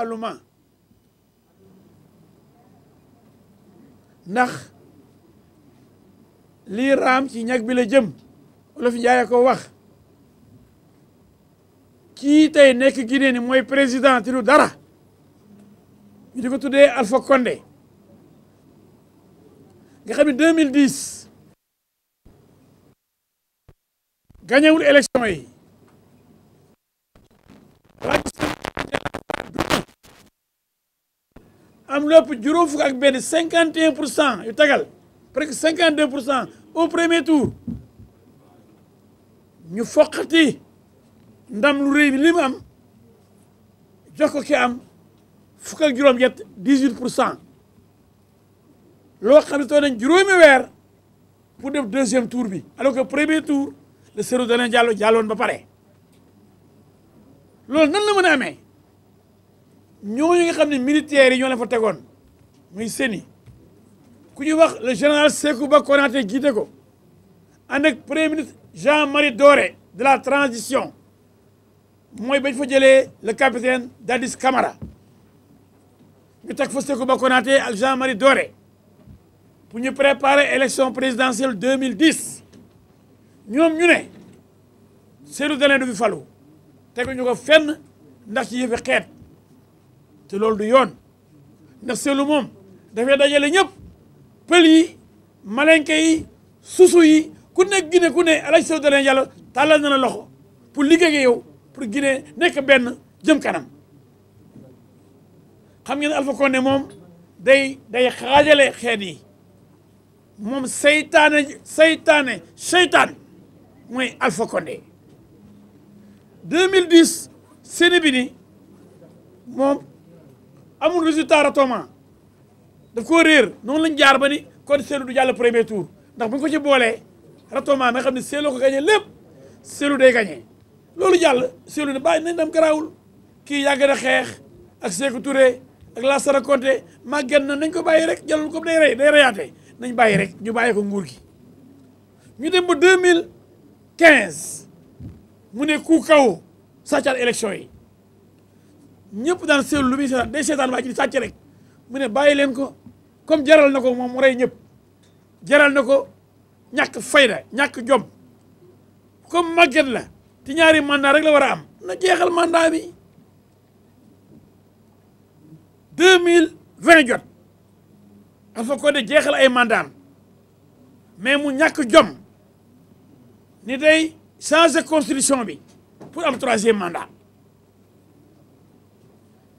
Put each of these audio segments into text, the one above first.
jaaxaluma ndax lii raam ci ñag bi la jëm olof Njaay ko wax kii tey nekk Guinée mooy président ti lu dara ñu di ko tuddee Alpha Condé nga xam ne 2010 gañewul élection yi lu ëpp juróom fukk ak benn cinquante et un pour cent yu tegal presque cinquante deux pour cent au premier tour ñu foqati ndam lu rëy bi li mu am jox ko am fukk ak juróom-ñett dix huit pour cent loo xam ne toog nañ juróomi weer pour def deuxième tour bi alors que premier tour le Cellou Dalein Diallo jàlloon ba pare loolu nan la mën a ñooñu nga xam ne militaires yi ñoo leen fa tegoon muy seni ku ñuy wax le général Sékou Ba Konaté jiite ko ànd ak premier ministre Jean-Marie Doré de la transition mooy bañ fa jëlee le capitaine Dadis Camara ñu teg fa Sékou Ba Konaté ak Jean-Marie Doré pour ñu préparer élection présidentielle 2010 ñoom ñu ne Cellou Dalein du fi falu teguñu ko fenn ndax ci yëfi xeet te loolu du yoon ndax seelu moom dafay dajale ñëpp pël yi malenke yi susu yi ku nekk Guinée ku ne alaaj sew danañ yàlla tàllal na la loxo pour liggéey ak yow pour Guinée nekk benn jëm kanam xam ngeen Alpha Condé moom day day xaajale xeet yi moom seytaane seytaane seytaan mooy Alpha Condé 2010 Sénébi ni moom amul résultat ratoma daf koo réer noonu lañ jaar ba ni kon Cellou du jàll premier tour ndax bu ñu ko ci boolee ratoma nga xam ne Cellou ko gagné lépp Cellou day gagné loolu jàll Cellou ne bàyyi nañ dem garaawul kii yàgg na xeex ak Sékou Touré ak Lansana Conté màgget na nañ ko bàyyi rek jàllul ko day rey nañ bàyyi rek ñu bàyyi ko nguur gi ñu dem ba mille 2015 mu ne ku kaw sàccaat élection yi ñëpp daan seetlu lu muy seetaan day seetaan waa ji di sàcc rek mu ne bàyyi leen ko comme jaral na ko moom mu rey ñëpp jaral na ko ñàkk fayda ñàkk jom comme màgget la te ñaari mandat rek la war a am na jeexal mandat bi deux mille vingt jot Alpha Condé jeexal ay mandat mais mu ñàkk jom ni day changer constitution bi pour am troisième mandat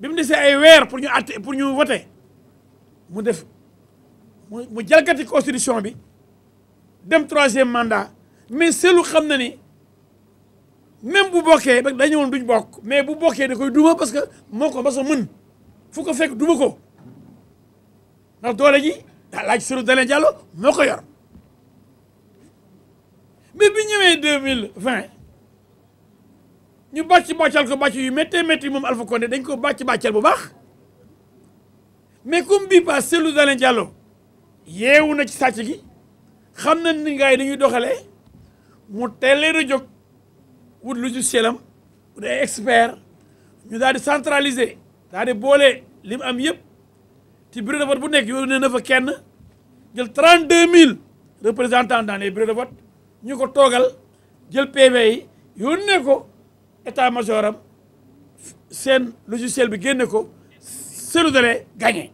bi mu desee ay weer pour ñu ate pour ñu vote mu def mu mu jalgati constitution bi dem troisième manda mais selu xam na ni même bu bokkee dañu woon duñ bokk mais bu bokkee da koy duma parce que moo ko ba sa mën fu ko fekk duma ko ndax doole ji daa laaj Cellou Dalein Diallo moo ko yor mais bi ñëwee deux mille vingt ñu bàcc bàccal ko bàcc yi méttee métti moom Alpha Condé dañ ko bàcc bàccal bu baax mais comme bii pas Cellou Dalein Diallo yeewu na ci sàcc gi xam na ni gars yi dañuy doxalee mu teel leen a jóg wut lu ju selam wut expert ñu daal di centraliser daal di boole li mu am yëpp ci bureau de vote bu nekk yow nee na fa kenn jël trent 32000 mille dans les bureaux de vote ñu ko toogal jël PV yi yónnee ko. état major seen logiciel bi génne ko Cellou Dalein gagné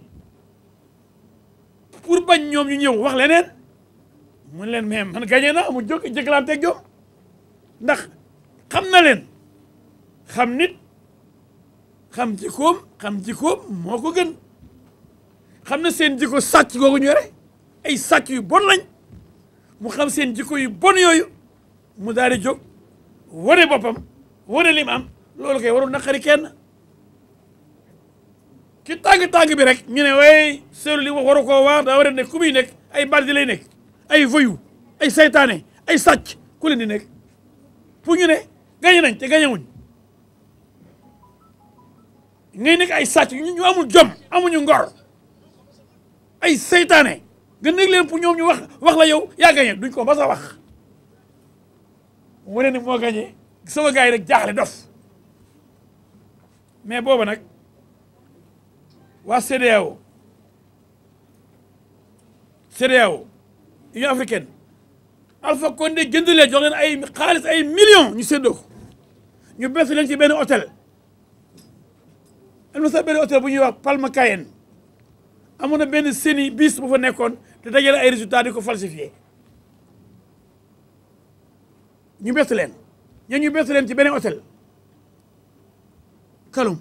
pour bañ ñoom ñu ñëw wax leneen mu leen mais man gagné na mu jóg jëkkalanteeg ñoom ndax xam na leen xam nit xam jikkoom xam jikkoom moo ko gën xam na seen jikko sàcc googu ñu yore ay sàcc yu bon lañ mu xam seen jikko yu bon yooyu mu daal di jóg wane boppam. wane lim am loolu kay warul naqari kenn ci tàng-tàng bi rek ñu ne way seelu li waru koo waar daa war a nekk muy nekk ay baldi lay nekk ay voyou ay seytaane ay sàcc ku leen di nekk pour ñu ne gañe nañ te gañewuñ ngay nekk ay sàcc ñu amul jom amuñu ngor ay seytaane gën nekk leen pour ñoom ñu wax wax la yow yaa gañe duñ ko ba sa wax mu ne moo gañe sama gars yi rek jaaxle dof mais booba nag waa CEDEAO CEDEAO Union africaine Alpha Condé jënd leen jox leen ay xaalis ay million ñu sedd ko ñu bés leen ci benn hôtel am na sax benn bu ñuy wax Palma Cayenne amoon na benn seni bis bu fa nekkoon te dajale ay résultats di ko falsifié ñu bés leen. ñoo ñu beesu leen ci beneen hôtel kalum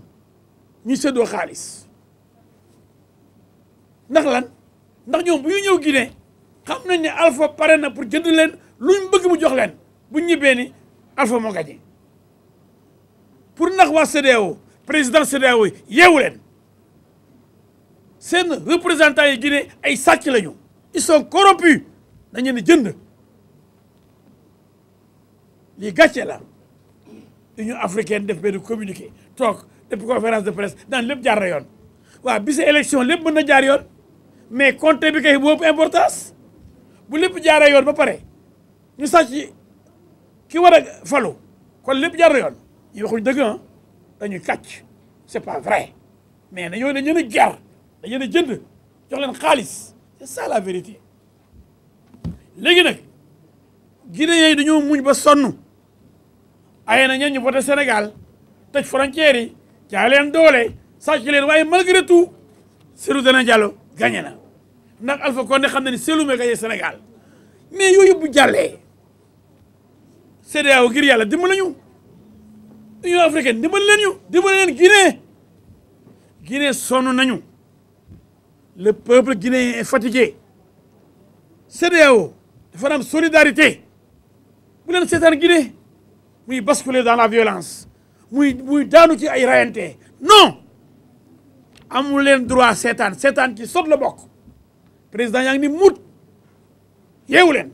ñu séddoo xaalis ndax lan ndax ñoom bu ñu ñëw gine xam nañ ne Alpha pare na pour jënd leen luñ bëgg mu jox leen bu ñibbee ni Alpha moo gagné pour ndax waa CEDEAO président CEDEAO yeewu leen seen représentants yi Guinée ay sàcc lañu ils sont corrompus dañu ne jënd lii gàcce la union africaine def benn communiqué toog def conférence de presse daan lépp jaar na yoon waa bi sa élection lépp mën na jaar yoon mais compte bi kay boobu importance bu lépp jaaree yoon ba pare ñu sàcc ki war a falo kon lépp jaar na yoon ñu waxuñ dëgg ah, dañuy kàcc c'est pas vrai mais dañoo dañu leen a jar dañu leen a jënd jox leen xaalis c'est ça la vérité léegi nag Guinéens yi dañoo muñ ba sonn aye na ñeen ñu voté Sénégal tëj frontière yi jaay leen doole sàcc leen waaye malgré tout Cellou Dalein Diallo gagné na ndax Alpha Condé xam na ni Cellou may gagné Sénégal mais yooyu bu jàllee CEDEAO ngir yàlla dimbali ñu Union africaine dimbali leen ñu dimbali leen Guinée Guinée sonn nañu le peuple guinéen est fatigué CEDEAO dafa am solidarité bu leen seetaan Guinée muy basculer dans la violence muy muy daanu ci ay rayante non amul leen droit seetaan seetaan ci sot la bokk président yaa ngi ni mut yeewu leen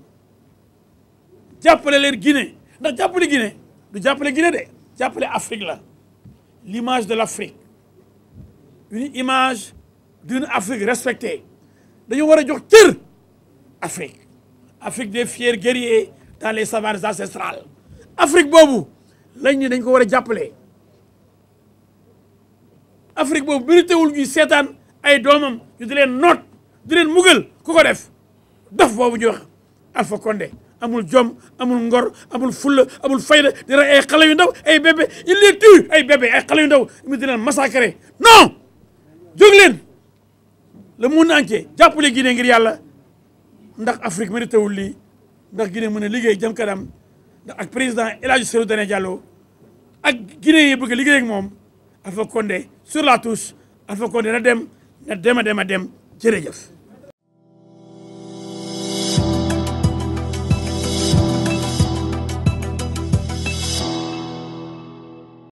jàppale leen Guinée ndax jàppale Guinée du jàppale Guinée de jàppale Afrique la l'image de l'Afrique une image d'une Afrique respectée dañu war a jox cër Afrique Afrique des fiers guerriers dans les savanes ancestrales Afrique boobu lañ ni dañ ko war a jàppale Afrique boobu méritéwul ñuy seetaan ay doomam ñu di leen noot di leen mugal ku ko def dof boobu ñu wax Alpha amul jom amul ngor amul fulla amul fayda di rey ay xale yu ndaw ay bébé il les ay bébé ay xale yu ndaw mu di leen massacrer non jóg leen le monde entier jàppale Guinée ngir yàlla ndax Afrique méritéwul lii ndax Guinée mën a liggéey jëm kanam ak président El Hadj Cellou Dalein ak Guinée yi bëgg liggéey moom Alpha Condé sur la touche Alpha Condé na dem na dem a dem a dem jërëjëf.